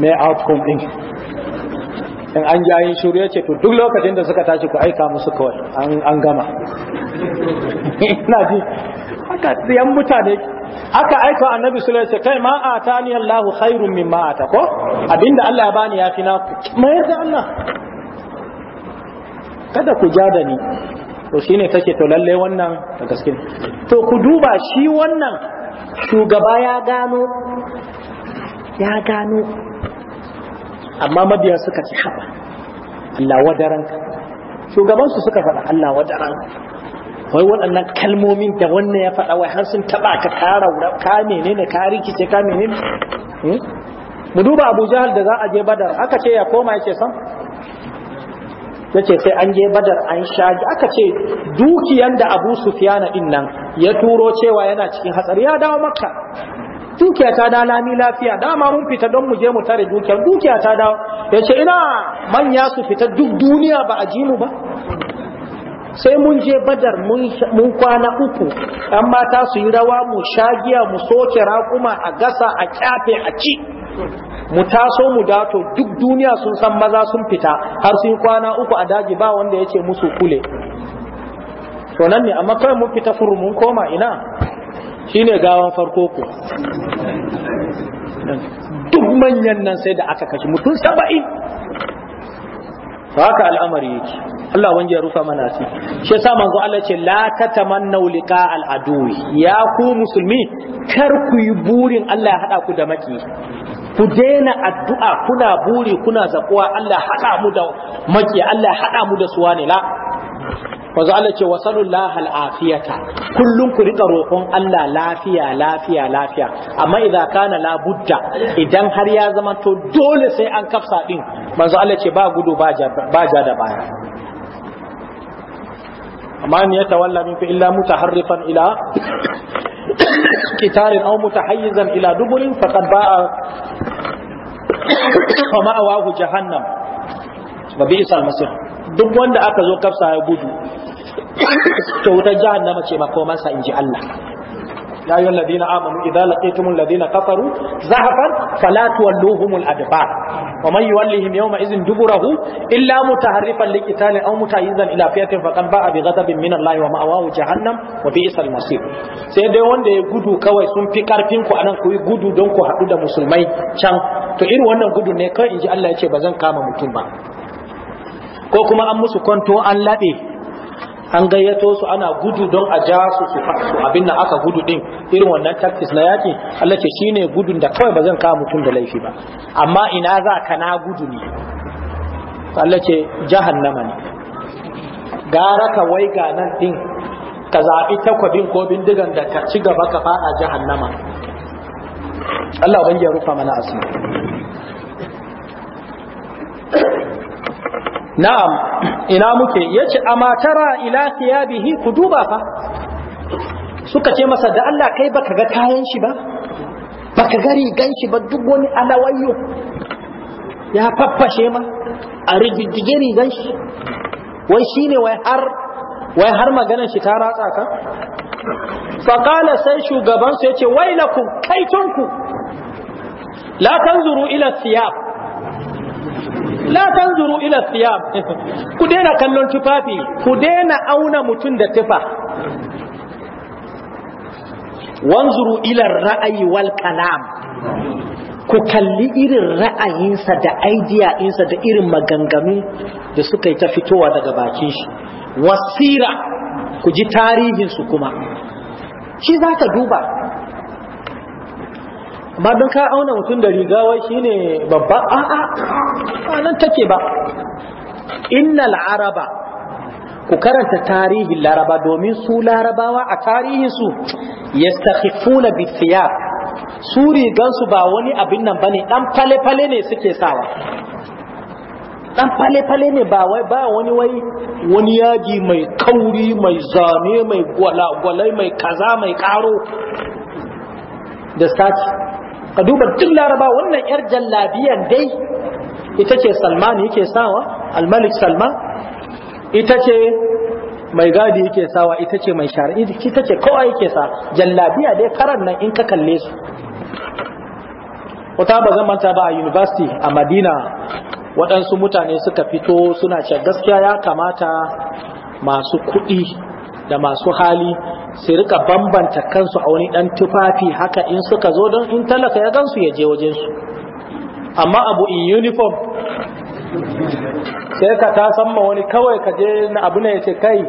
mai outcome din in an ji ayin shuru ya ce to duk lokacin da suka tashi ku aika musu kawai an gama ina ji haka yan mutane aka aika annabi sallallahu alaihi kai ma atani Allahu khairun mimma ta, ko abinda Allah ya bani ya fina ku me yasa Allah kada ku ja da ni to shine kace to lalle wannan da gaske to ku duba shi wannan shugaba ya gano ya gano amma mabiya suka ci haba Allah wadaranka shugaban su suka faɗa Allah wadaranka wai waɗannan kalmomin da wannan ya faɗa wai har sun taɓa ka kara ka menene ka rikice ka menene hmm? mu duba Abu Jahal da za a je Badar aka ce ya koma yake san yace sai an je badar an shagi aka ce dukiyan da abu sufiyana din nan ya turo cewa yana cikin hatsari ya dawo makka dukiya ta da lami lafiya dama mun fita don mu je mu tare dukiyan dukiya ta dawo yace ina manya su fita duk duniya ba a ji mu ba sai mun je badar mun kwana uku an mata su yi rawa mu shagiya mu soke raƙuma a gasa a kyafe a ci mu taso mu dato duk duniya sun san maza sun fita har sun kwana uku a daji ba wanda ya ce musu kule to nan ne amma kawai mun fita furu mun koma ina shine gawan farko ku duk manyan nan sai da aka kashe mutum saba'in haka al'amari yake Allah wani ya rufa mana su shi sa manzo Allah ce la tamanna liqa al aduwi ya ku musulmi kar ku yi burin Allah ya hada ku da maki ku daina addu'a kuna buri kuna zakuwa Allah hada mu da maki Allah hada mu da suwa ne la manzo Allah ce wasallallahu al afiyata kullun ku rika roƙon Allah lafiya lafiya lafiya amma idza kana la budda idan har ya zama to dole sai an kafsa din manzo Allah ce ba gudu ba ja da baya amma ne ya tawalla min fi illa mutaharrifan ila kitarin aw mutahayyizan ila duburin faqad ba'a wa ma'awahu jahannam wa bi'sal masir duk wanda aka zo kafsa ya gudu to wuta jahannama ce makomansa inji Allah ya ayyuhal ladina amanu idza laqitumul ladina kafaru zahfan fala tuwalluhumul adbar wa man yuwallihim yawma idhin duburahu illa mutaharrifan liqitali aw mutayizan ila fiyatin faqad ba'a bi ghadabin min Allah wa ma'awahu jahannam wa bi'sal masir sai dai wanda ya gudu kawai sun fi karfin ku anan ku gudu don ku haɗu da musulmai can to irin wannan gudu ne kawai inji Allah ya ce ba zan kama mutum ba ko kuma an musu kwanto an laɗe an gayyato su ana gudu don a ja su su abin nan aka gudu din irin wannan tactics na yaki Allah ce shine gudun da kawai ba zan kawo mutum da laifi ba amma ina za ka na gudu ne Allah ce jahannama ne gara ka wai ga nan din ka zaɓi takwabin ko bindigan da ka ci gaba ka faɗa jahannama Allah ubangiji ya rufa mana asiri na'am ina muke yace amatara ila thiyabihi ku duba fa suka ce masa da Allah kai baka ga kayan shi ba baka ga rigan shi ba duk wani alawayyo ya faffashe ma a rigiddige rigan shi wai shine wai har wai har maganar shi ta ratsa ka faƙala sai shugabansu ya ce wailakum kaitonku la tanzuru ila siyab la tanzuru ila siyam ku daina kallon tufafi ku daina auna mutum da tufa wanzuru ila ra'ayi wal kalam ku kalli irin ra'ayinsa da idea insa da irin maganganu da suka yi ta fitowa daga bakin shi wasira ku ji tarihinsu kuma shi za ta duba amma don ka auna mutum da riga wai shine babba a a a nan take ba innal araba ku karanta tarihin laraba domin su larabawa a tarihinsu yastakhifuna bi thiyab su rigansu ba wani abin nan bane dan fale-fale ne suke sawa dan fale-fale ne ba wai ba wani wai wani yaji mai kauri mai zane mai gwalai mai kaza mai karo da sati ka duba duk laraba wannan yar jallabiyan dai ita ce salman yake sawa almalik salman ita ce mai gadi yake sawa ita ce mai shari'i ita ce kowa yake sa jallabiya dai karan nan in ka kalle su wata ba zan manta ba a university a madina waɗansu mutane suka fito suna ce gaskiya ya kamata masu kuɗi da masu hali su rika bambanta kansu a wani dan tufafi haka in suka zo don in talaka ya gansu ya je wajen su amma abu in uniform sai ka ta samma wani kawai ka je na abu ne ya kai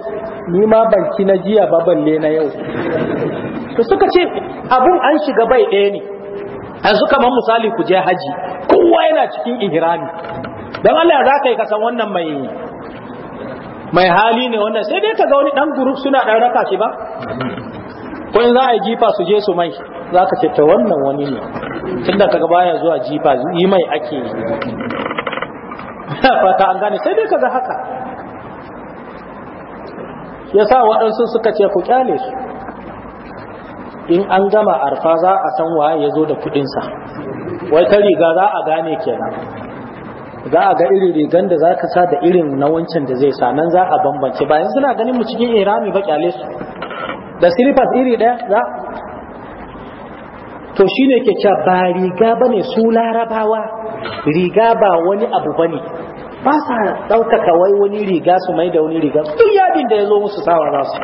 ni ma banki na jiya ba balle na yau to suka ce abun an shiga bai ɗaya ne an suka misali ku je haji kowa yana cikin ihrami don Allah za ka yi kasan wannan mai mai hali ne wannan sai dai ka ga wani dan group suna dan raka shi ba ko in za a yi jifa su je su mai za ka ce ta wannan wani ne da kaga baya zuwa jifa yi mai ake yi fata an gane sai dai ka ga haka yasa waɗansu suka ce ku kyale su in an gama arfa za a san waye ya zo da kuɗinsa wai ta riga za a gane kenan za a ga irin rigan da za ka sa da irin na wancan da zai sa nan za a bambance bayan suna ganin mu cikin irami ba kyale su da silifas iri ɗaya za to shi ne ke cewa ba riga ba ne su larabawa riga ba wani abu ba ne ba sa ɗaukaka wai wani riga su mai da wani riga duk yadin da ya zo musu sawa za su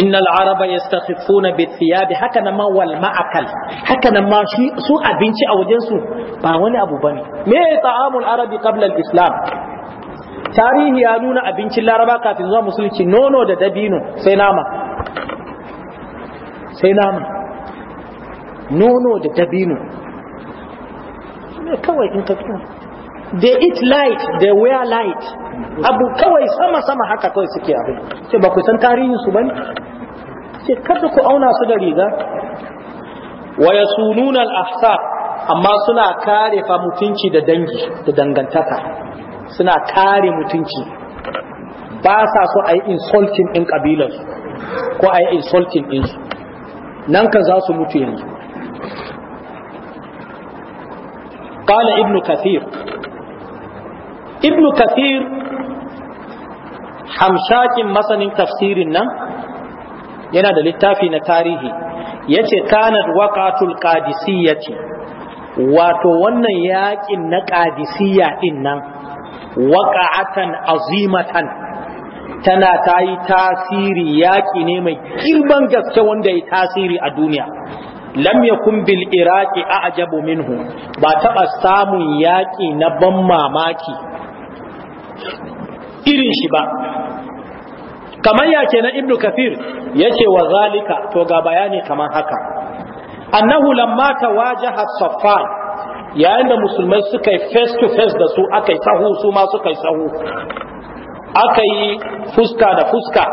innal araba yastakhifuna bi thiyabi haka nan ma wal ma'akal haka nan ma shi su abinci a wajen su ba wani abu bane me ta'amul arabi qabla islam tarihi ya nuna abincin laraba kafin zuwa musulunci nono da dabino sai nama sai nama nono da dabino kawai in ka they eat light they wear light abu kawai sama sama haka kawai suke abu. ce ba ku san tarihin su bane ce kada ku auna su da riga wa yasununa al-ahsab amma suna kare fa mutunci da dangi da dangantaka suna kare mutunci ba sa so ayi insulting ɗin ƙabilarsu ko ai insulting ɗinsu nan ka za su mutu yanzu قال Ibnu كثير ibnu kathir hamshakin masanin tafsirin nan yana da littafi na tarihi ya ce kanat waƙatul ce, wato wannan yaƙin na ƙadisiyya ɗin nan waƙa'atan azimatan tana ta yi tasiri yaƙi ne mai girman gaske wanda ya tasiri a duniya lam yakun Iraki a a'jabu minhu ba taɓa samun yaƙi na ban mamaki irin shi ba kamar ya na ibnu kafir yace wa zalika to ga bayani kamar haka annahu lamma ta tawajaha saffan yayin da musulmai suka yi face to face da su aka yi sahu su ma suka yi sahu aka yi fuska da fuska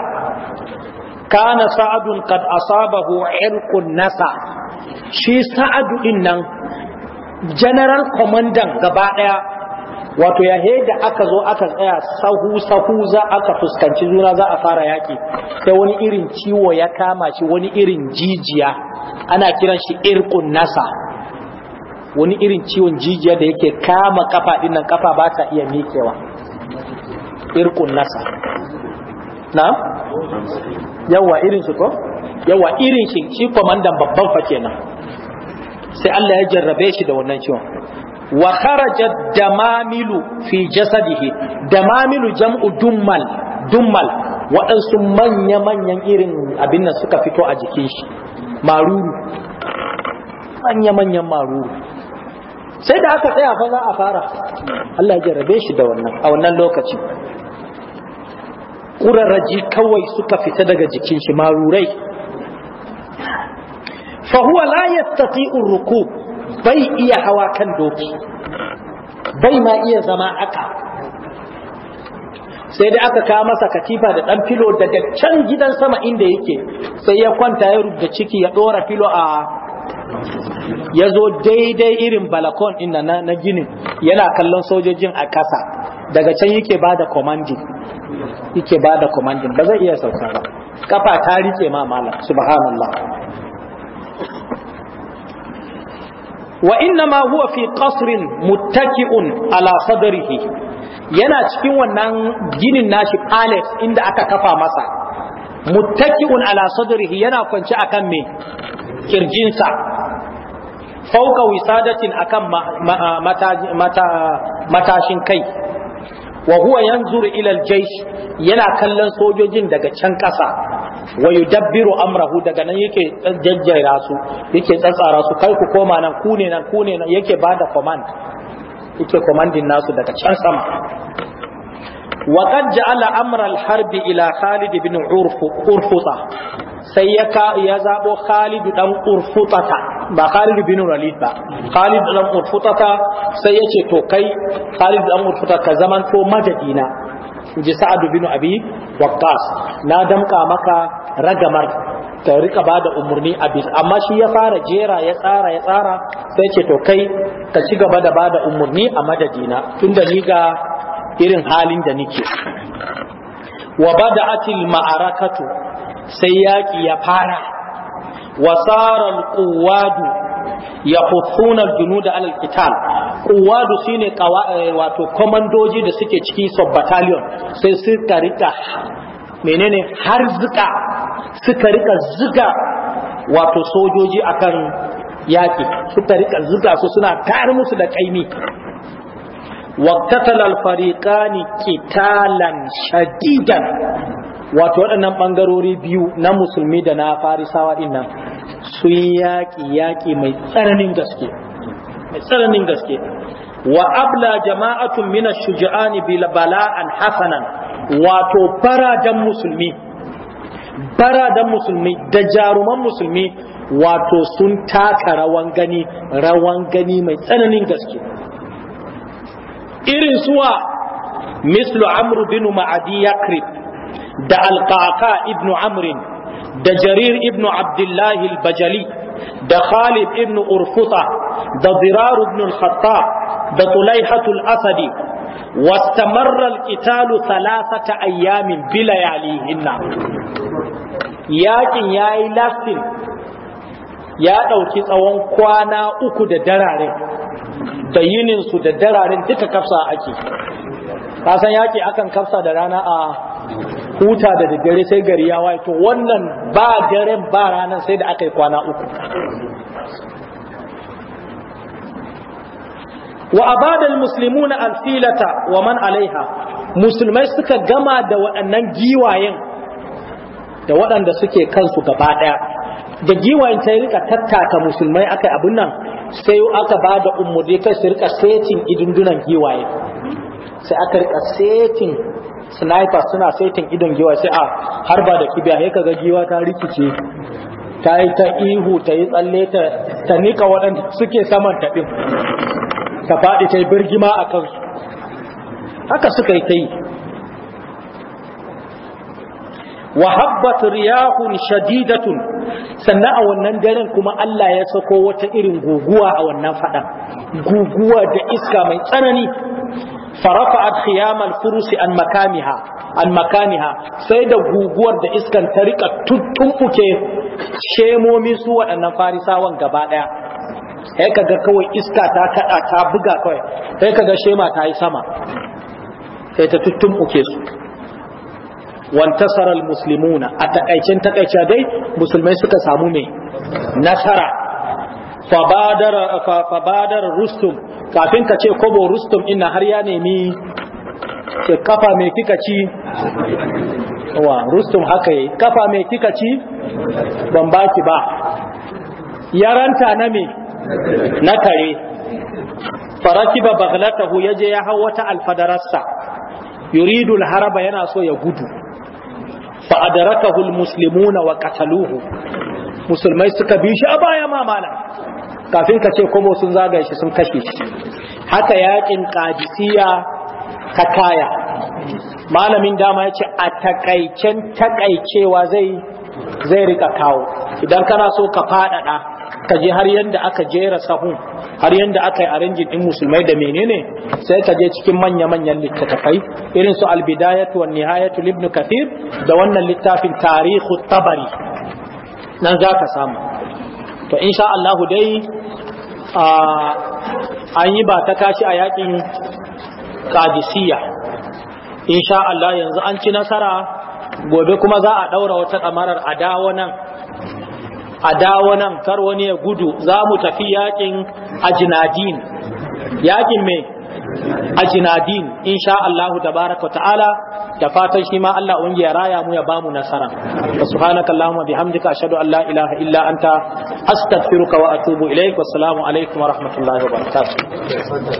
kana sa'adun kad asabahu irkun nasa shi sa'adu din nan general commandant gaba daya wato ya da aka zo aka tsaya sahu sahu za aka fuskanci juna za a fara yaki sai wani irin ciwo ya kama shi wani irin jijiya ana kiran shi irkun nasa wani irin ciwon jijiya da yake kama kafa nan kafa ba ta iya mikewa irkun nasa na yawa irin shi ko yawa irin shi shi komandan babban fa kenan sai Allah ya jarrabe shi da wannan ciwon wa kharajat damamilu fi jasadihi damamilu jam'u dummal dummal waɗansu manya-manyan irin abin da suka fito a jikin shi maruru manya-manyan maruru sai da aka tsaya fa za a fara Allah ya jarrabe shi da wannan a wannan lokaci ƙurarraji kawai suka fita daga jikin shi marurai fahuwa la yastati'ur ruku bai iya hawa kan doki bai ma iya zama haka sai dai aka kawo masa katifa da ɗan filo daga can gidan sama inda yake sai ya kwanta ya rubuta ciki ya ɗora filo a ya zo daidai irin balakon ina na ginin yana kallon sojojin a ƙasa daga can yake ba da komandin yake ba da komandin ba zai iya sauka ba kafa ta rike ma malam subhanallah wa inna ma huwa fi qasrin muttaki'un ala sadrihi yana cikin wannan ginin nashi palace inda aka kafa masa muttaki'un ala sadrihi yana kwance akan me kirjinsa fauka wisadatin akan matashin kai wa huwa yanzuru ila al-jaysh yana kallon sojojin daga can ƙasa wa yudabbiru amrahu daga nan yake jajjaira su yake tsatsara su kai ku koma nan ku ne nan ku ne nan yake bada command yake commanding nasu daga can sama wa qad ja'ala amra al-harbi ila Khalid ibn Urfuta sai ya zaɓo Khalid ɗan ƙurfutata ba Khalid bin Walid ba Khalid ɗan ƙurfutata sai ya ce to kai Khalid ɗan ƙurfutata ka zaman to madadina ji Sa'ad bin Abi Waqqas na damka maka ragamar ta rika bada umarni a bisa amma shi ya fara jera ya tsara ya tsara sai ce to kai ka ci gaba da bada umarni a madadina tunda ni ga irin halin da nike wa bada'atil ma'arakatu sai yaƙi ya fara wasarar kuwadu ya hutunar junu da alalkital kuwadu shi ne eh, wato komandoji da suke ciki sub-battalion sai suka rika menene har zuka suka rika zuga wato sojoji akan yaƙi suka rika zuga su suna tar musu da ƙaimi waqtatala al-fariqani qitalan shadidan wato waɗannan ɓangarori biyu na musulmi da na farisawa ɗin nan su yi yaƙi yaƙi mai tsananin gaske mai tsananin gaske wa abla jama'atun mina shuja'ani bil bala'an hasanan wato baradan musulmi baradan musulmi da jaruman musulmi wato sun taka rawan gani rawan gani mai tsananin gaske irin suwa mislu amru binu ma'adi yakrib da alƙaƙa ibnu amrin da jarir ibnu abdullahi bajali da khalid ibnu urfuta da zirar Ibn al da tulaihatul asadi واستمر القتال ثلاثة أيام بلياليهن yakin ya yi laftin ya ɗauki tsawon kwana uku da dararen da yininsu da dararen duka kafsa ake kasan yaki akan kafsa da rana a huta da daddare sai gari ya waye to wannan ba daren ba ranar sai da aka yi kwana uku wa abada almuslimuna alfilata wa man alaiha musulmai suka gama da waɗannan giwayen da waɗanda suke kansu gaba ɗaya da giwayen ta rika tattaka musulmai aka yi abin nan sai aka ba da umurni kai su rika setin idundunan giwaye sai aka rika setin sniper suna saitin idon giwa sai a harba da kibiya ya kaga giwa ta rikice ta yi ta ihu ta yi tsalle ta nika waɗanda suke saman taɓin ta faɗi ta yi birgima a kansu haka suka yi ta yi wa habbat riyahun shadidatun sannan a wannan daren kuma Allah ya sako wata irin guguwa a wannan fadan guguwa da iska mai tsanani farafa'at al furusi an makamiha an makamiha sai da guguwar da iskan ta rika tuttumbuke shemomi su waɗannan farisawan gaba daya sai kaga kawai iska ta kada ta buga kawai sai kaga shema ta yi sama sai ta tuttumbuke su wantasara almuslimuna a takaicen takaice dai musulmai suka samu me. nasara fabadar rustum kafin ka ce kobo rustum ina har ya nemi ce kafa mai kika ci wa rustum haka yi kafa me kika ci ban baki ba yaranta na me na kare farakiba baghlatahu yaje ya hau wata alfadararsa yuridul haraba yana so ya gudu fa adarakahu almuslimuna wa kataluhu musulmai suka bi shi a baya ma malam kafin ka ce komo sun zagaye shi sun kashe shi haka yakin qadisiya ta kaya malamin dama yace a takaicen takaicewa zai zai rika kawo idan kana so ka fadada ka je har yanda aka jera sahun har yanda aka yi arinjin din musulmai da menene sai ka je cikin manya-manyan littattafai irin su albidayatu wa nihayatu ibn kathir da wannan littafin tarihu tabari nan za ka samu to insha Allah dai an yi ba ta kashi a yakin kadisiya insha Allah yanzu an ci nasara gobe kuma za a daura wata kamarar a dawo nan a dawo nan kar wani ya gudu za mu tafi yakin ajinadin yakin me ajinadin insha Allah tabaraka ta'ala da fatan shi ma Allah ungi ya raya mu ya bamu nasara subhanakallahumma bihamdika ashhadu an la ilaha illa anta astaghfiruka wa atubu ilaik wassalamu alaikum wa rahmatullahi wa barakatuh